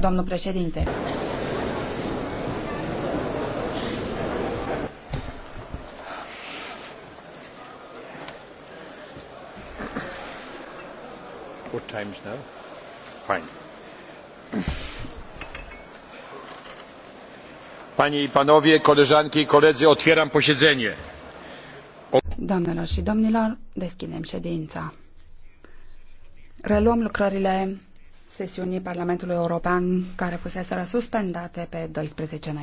domnul președinte. What time's now? Fine. Panie i panowie, koleżanki i koledzy, otwieram posiedzenie. Doamnelor și domnilor, deschidem ședința. Reluăm lucrările sesiunii Parlamentului European care fusese suspendate pe 12 noiembrie.